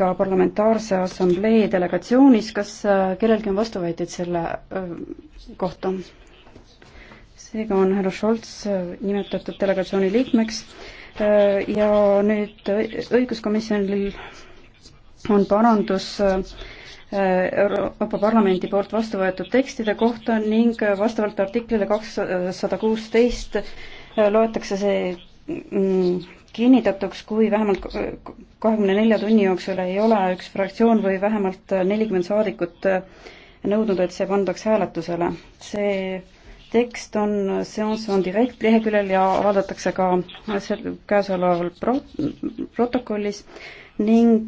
Aafrika Parlamentaarse Assamblee delegatsioonis, kas äh, kellelgi on vastuväiteid selle äh, kohta? seega on härra Scholz äh, nimetatud delegatsiooni liikmeks ja nüüd õiguskomisjonil on parandus Euroopa Parlamendi poolt vastu võetud tekstide kohta ning vastavalt artiklile kakssada kuusteist loetakse see mm, kinnitatuks, kui vähemalt kahekümne nelja tunni jooksul ei ole üks fraktsioon või vähemalt nelikümmend saadikut nõudnud, et see pandaks hääletusele. see tekst on seanss on direkt leheküljel ja avaldatakse ka käesoleval pro-, protokollis ning